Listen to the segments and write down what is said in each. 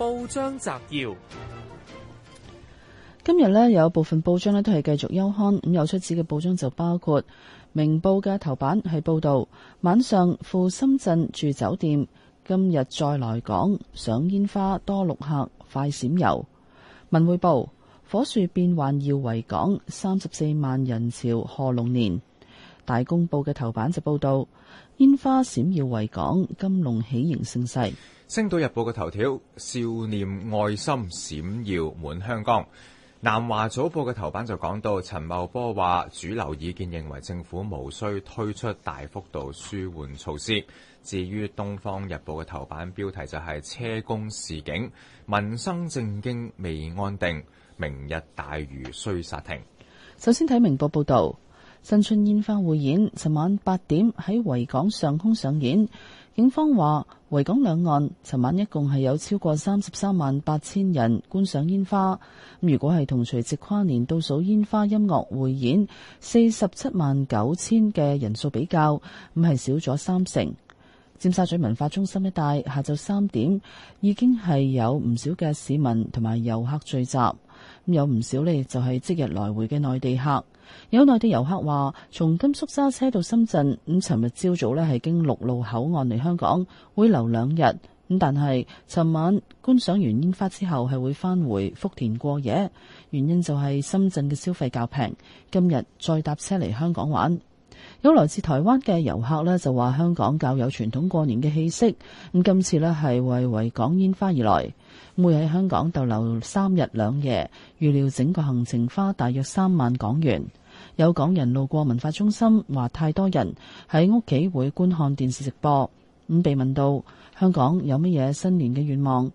報章摘要：今日呢，有部分報章呢都係繼續休刊，咁有出紙嘅報章就包括《明報》嘅頭版係報道晚上赴深圳住酒店，今日再來港賞煙花多六，多旅客快閃遊。《文匯報》火樹變幻耀維港，三十四萬人潮賀龍年。《大公報》嘅頭版就報道。煙花閃耀維港，金龍喜迎盛世。星島日報嘅頭條：少年愛心閃耀滿香港。南華早報嘅頭版就講到，陳茂波話主流意見認為政府無需推出大幅度舒緩措施。至於東方日報嘅頭版標題就係車公示警，民生政經未安定，明日大嶼需煞停。首先睇明報報道。.新春煙花匯演，尋晚八點喺維港上空上演。警方話，維港兩岸，尋晚一共係有超過三十三萬八千人觀賞煙花。如果係同除夕跨年倒數煙花音樂匯演四十七萬九千嘅人數比較，咁係少咗三成。尖沙咀文化中心一帶，下晝三點已經係有唔少嘅市民同埋遊客聚集，有唔少呢，就係即日來回嘅內地客。有內地遊客話：從甘肅揸車到深圳，咁尋日朝早呢係經陸路口岸嚟香港，會留兩日。咁但係尋晚觀賞完煙花之後，係會返回福田過夜。原因就係深圳嘅消費較平，今日再搭車嚟香港玩。有來自台灣嘅遊客呢，就話：香港較有傳統過年嘅氣息。咁今次呢，係為維港煙花而來，會喺香港逗留三日兩夜，預料整個行程花大約三萬港元。有港人路過文化中心，話太多人喺屋企會觀看電視直播。咁被問到香港有乜嘢新年嘅願望，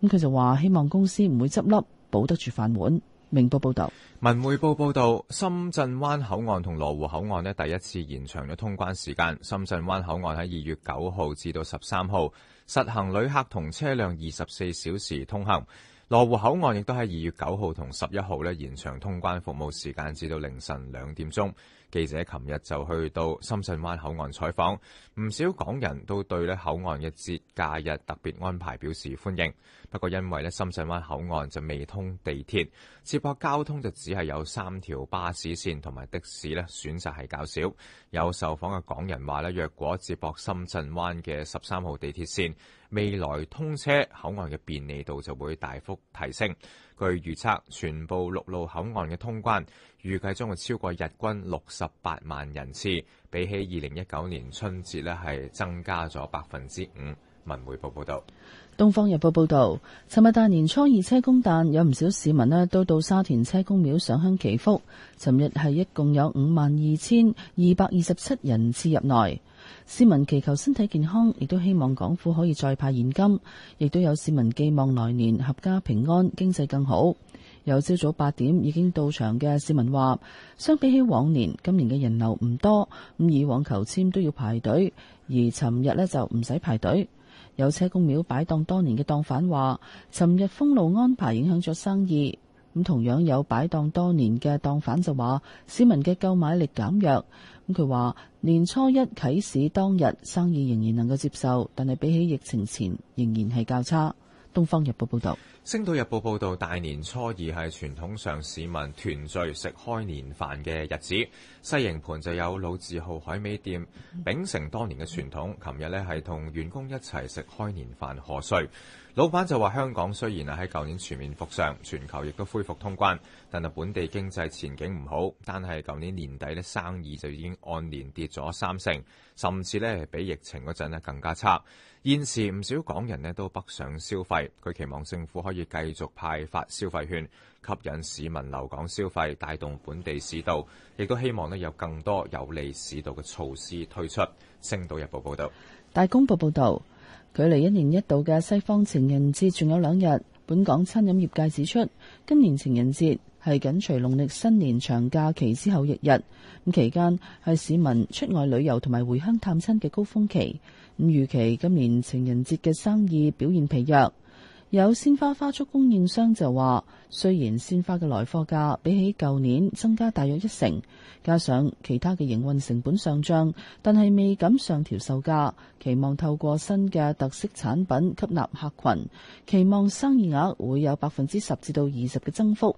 咁佢就話希望公司唔會執笠，保得住飯碗。明報報道，文匯報報道，深圳灣口岸同羅湖口岸咧第一次延長咗通關時間。深圳灣口岸喺二月九號至到十三號實行旅客同車輛二十四小時通行。羅湖口岸亦都喺二月九號同十一號咧延長通關服務時間至到凌晨兩點鐘。記者琴日就去到深圳灣口岸採訪，唔少港人都對呢口岸嘅節假日特別安排表示歡迎。不過因為呢深圳灣口岸就未通地鐵，接駁交通就只係有三條巴士線同埋的士呢，選擇係較少。有受訪嘅港人話呢，若果接駁深圳灣嘅十三號地鐵線未來通車，口岸嘅便利度就會大幅提升。據預測，全部陸路口岸嘅通關預計將會超過日均六十八萬人次，比起二零一九年春節呢係增加咗百分之五。文匯報報道，東方日報報道，尋日大年初二車公誕，有唔少市民呢都到沙田車公廟上香祈福。尋日係一共有五萬二千二百二十七人次入內。市民祈求身體健康，亦都希望港府可以再派現金，亦都有市民寄望來年合家平安，經濟更好。有朝早八點已經到場嘅市民話：相比起往年，今年嘅人流唔多，咁以往求籤都要排隊，而尋日呢就唔使排隊。有車公廟擺檔多年嘅檔販話：尋日封路安排影響咗生意。咁同樣有擺檔多年嘅檔販就話：市民嘅購買力減弱。佢話年初一啟市當日生意仍然能夠接受，但係比起疫情前仍然係較差。東方日報報道。星島日報報道。大年初二係傳統上市民團聚食開年飯嘅日子。西營盤就有老字號海味店，秉承當年嘅傳統，琴日呢係同員工一齊食開年飯賀歲。老闆，就話：香港雖然啊喺舊年全面復上，全球亦都恢復通關，但係本地經濟前景唔好。但係舊年年底咧，生意就已經按年跌咗三成，甚至咧比疫情嗰陣咧更加差。現時唔少港人呢都北上消費，佢期望政府可以繼續派發消費券，吸引市民留港消費，帶動本地市道。亦都希望呢有更多有利市道嘅措施推出。星島日報報道，大公報報道。距離一年一度嘅西方情人節仲有兩日，本港餐飲業界指出，今年情人節係緊隨農曆新年長假期之後一日，咁期間係市民出外旅遊同埋回鄉探親嘅高峰期，咁預期今年情人節嘅生意表現疲弱。有鮮花花束供應商就話：雖然鮮花嘅來貨價比起舊年增加大約一成，加上其他嘅營運成本上漲，但係未敢上調售價，期望透過新嘅特色產品吸納客群，期望生意額會有百分之十至到二十嘅增幅。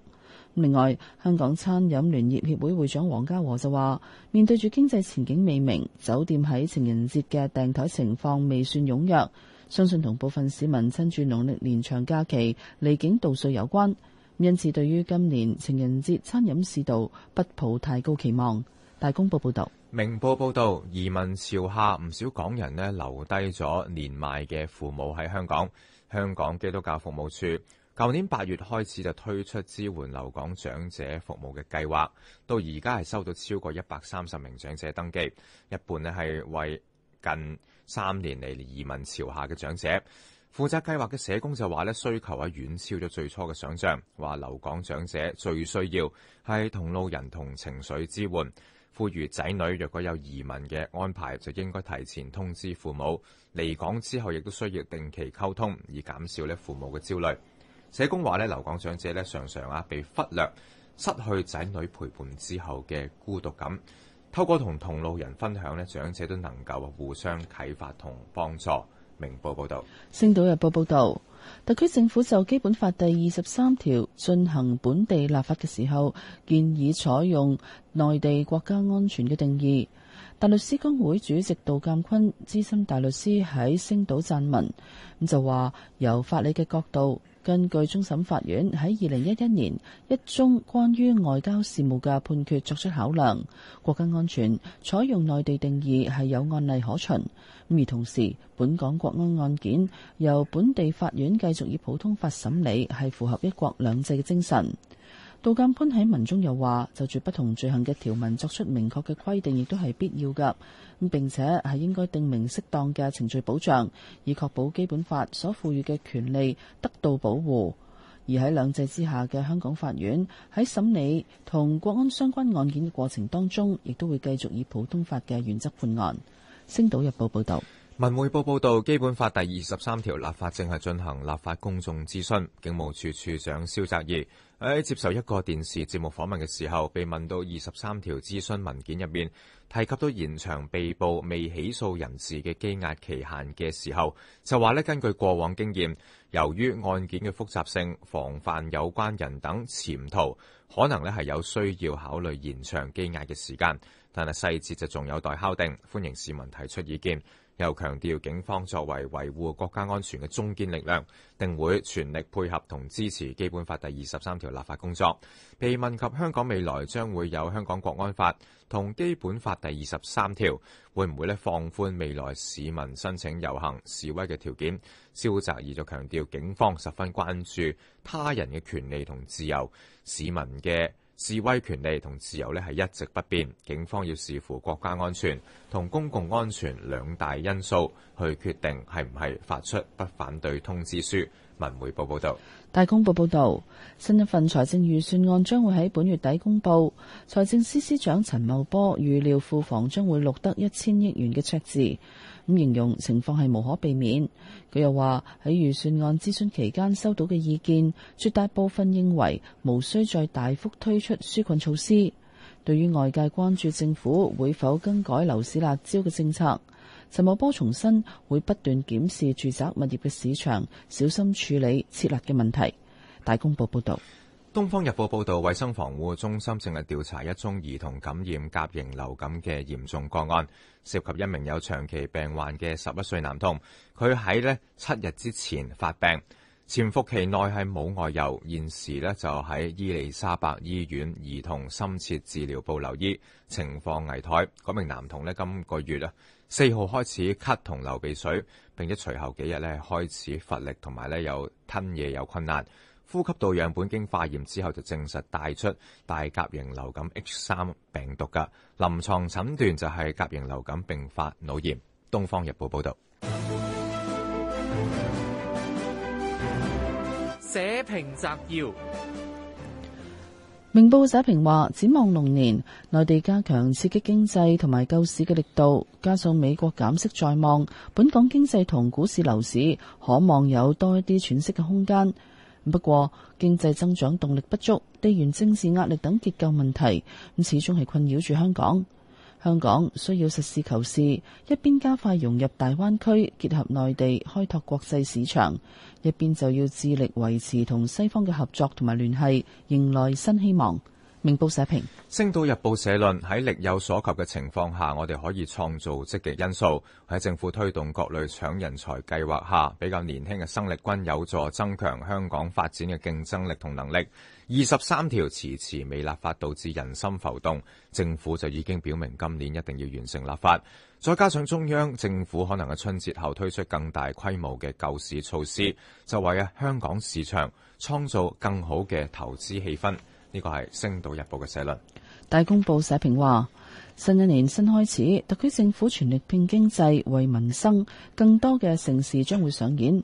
另外，香港餐飲聯業協會會長黃家和就話：面對住經濟前景未明，酒店喺情人節嘅訂台情況未算踴躍。相信同部分市民趁住農曆年長假期離境度歲有關，因此對於今年情人節餐飲市道不抱太高期望。大公報報道，明報報道，移民潮下唔少港人呢留低咗年邁嘅父母喺香港。香港基督教服務處舊年八月開始就推出支援留港長者服務嘅計劃，到而家係收到超過一百三十名長者登記，一半呢係為近。三年嚟移民潮下嘅長者，負責計劃嘅社工就話咧，需求啊遠超咗最初嘅想像，話留港長者最需要係同路人同情緒支援，呼籲仔女若果有移民嘅安排，就應該提前通知父母。離港之後亦都需要定期溝通，以減少咧父母嘅焦慮。社工話咧，留港長者咧常常啊被忽略，失去仔女陪伴之後嘅孤獨感。透過同同路人分享咧，長者都能夠互相啟發同幫助。明報報道，《星島日報》報道，特區政府就《基本法》第二十三條進行本地立法嘅時候，建議採用內地國家安全嘅定義。大律師公會主席杜鑑坤資深大律師喺星島撰文咁就話，由法理嘅角度。根據終審法院喺二零一一年一宗關於外交事務嘅判決作出考量，國家安全採用內地定義係有案例可循。而同時，本港國安案件由本地法院繼續以普通法審理，係符合一國兩制嘅精神。杜鑒潘喺文中又話就住不同罪行嘅條文作出明確嘅規定，亦都係必要噶。咁並且係應該定明適當嘅程序保障，以確保基本法所賦予嘅權利得到保護。而喺兩制之下嘅香港法院喺審理同國安相關案件嘅過程當中，亦都會繼續以普通法嘅原則判案。星島日報報道。文匯報報道，《基本法》第二十三條立法正係進行立法公眾諮詢。警務處處長蕭澤頤喺接受一個電視節目訪問嘅時候，被問到二十三條諮詢文件入面提及到延長被捕未起訴人士嘅羈押期限嘅時候，就話咧，根據過往經驗，由於案件嘅複雜性，防範有關人等潛逃，可能咧係有需要考慮延長羈押嘅時間。但係細節就仲有待敲定，歡迎市民提出意見。又強調警方作為維護國家安全嘅中堅力量，定會全力配合同支持基本法第二十三條立法工作。被問及香港未來將會有香港國安法同基本法第二十三條，會唔會咧放寬未來市民申請遊行示威嘅條件？蕭澤頤就強調警方十分關注他人嘅權利同自由，市民嘅。示威權利同自由咧係一直不變，警方要視乎國家安全同公共安全兩大因素去決定係唔係發出不反對通知書。文匯報報道。大公報報道，新一份財政預算案將會喺本月底公布，財政司司長陳茂波預料庫房將會錄得一千億元嘅赤字。咁形容情況係無可避免。佢又話喺預算案諮詢期間收到嘅意見，絕大部分認為無需再大幅推出紓困措施。對於外界關注政府會否更改樓市辣招嘅政策，陳茂波重申會不斷檢視住宅物業嘅市場，小心處理撤辣嘅問題。大公報報道。東方日報報道，衛生防護中心正係調查一宗兒童感染甲型流感嘅嚴重個案，涉及一名有長期病患嘅十一歲男童。佢喺呢七日之前發病，潛伏期內係冇外遊，現時呢，就喺伊利沙伯醫院兒童深切治療部留醫，情況危殆。嗰名男童呢，今個月啊四號開始咳同流鼻水，並且隨後幾日咧開始乏力，同埋咧有吞嘢有困難。呼吸道樣本經化驗之後，就證實帶出大甲型流感 H 三病毒。嘅臨床診斷就係甲型流感並發腦炎。東方日報報道。社評摘要：明報社評話，展望龍年，內地加強刺激經濟同埋救市嘅力度，加上美國減息在望，本港經濟同股市樓市可望有多一啲喘息嘅空間。不過，經濟增長動力不足、地緣政治壓力等結構問題，咁始終係困擾住香港。香港需要實事求是，一邊加快融入大灣區，結合內地開拓國際市場，一邊就要致力維持同西方嘅合作同埋聯繫，迎來新希望。明報社評，《星島日報》社論：喺力有所及嘅情況下，我哋可以創造積極因素。喺政府推動各類搶人才計劃下，比較年輕嘅生力軍有助增強香港發展嘅競爭力同能力。二十三條遲遲未立法，導致人心浮動。政府就已經表明今年一定要完成立法。再加上中央政府可能喺春節後推出更大規模嘅救市措施，就為啊香港市場創造更好嘅投資氣氛。呢個係《星島日報》嘅社論。大公報社評話：新一年新開始，特區政府全力拼經濟，為民生，更多嘅盛事將會上演。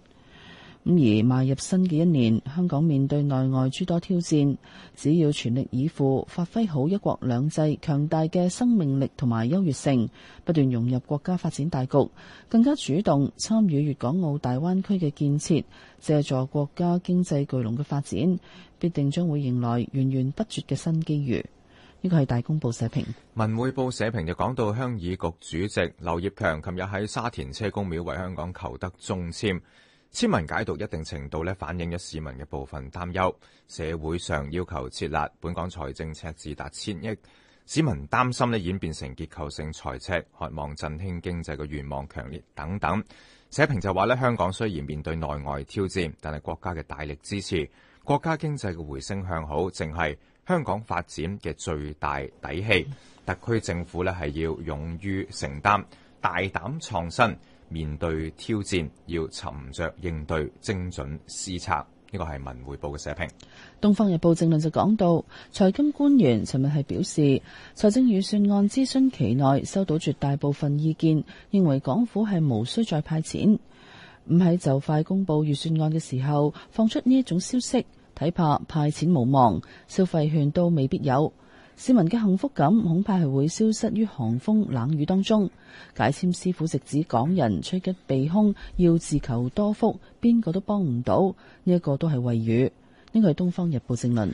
咁而邁入新嘅一年，香港面對內外諸多挑戰，只要全力以赴，發揮好一國兩制強大嘅生命力同埋優越性，不斷融入國家發展大局，更加主動參與粵港澳大灣區嘅建設，借助國家經濟巨龍嘅發展，必定將會迎來源源不絕嘅新機遇。呢個係大公報社評，文匯報社評就講到，鄉議局主席劉業強琴日喺沙田車公廟為香港求得中籤。簽文解讀一定程度咧，反映咗市民嘅部分擔憂。社會上要求設立本港財政赤字達千億，市民擔心咧演變成結構性財赤，渴望振興經濟嘅願望強烈等等。社評就話咧，香港雖然面對內外挑戰，但係國家嘅大力支持，國家經濟嘅回升向好，正係香港發展嘅最大底氣。特區政府咧係要勇於承擔，大膽創新。面對挑戰，要沉着應對，精準施策。呢個係《文匯報》嘅社評。《東方日報》正論就講到，財金官員尋日係表示，財政預算案諮詢期內收到絕大部分意見，認為港府係無需再派錢。唔喺就快公布預算案嘅時候，放出呢一種消息，睇怕派錢無望，消費券都未必有。市民嘅幸福感恐怕係會消失於寒風冷雨當中。解籤師傅直指港人趨吉避兇，要自求多福，邊個都幫唔到。呢一個都係謂語。呢個係東方日報正論。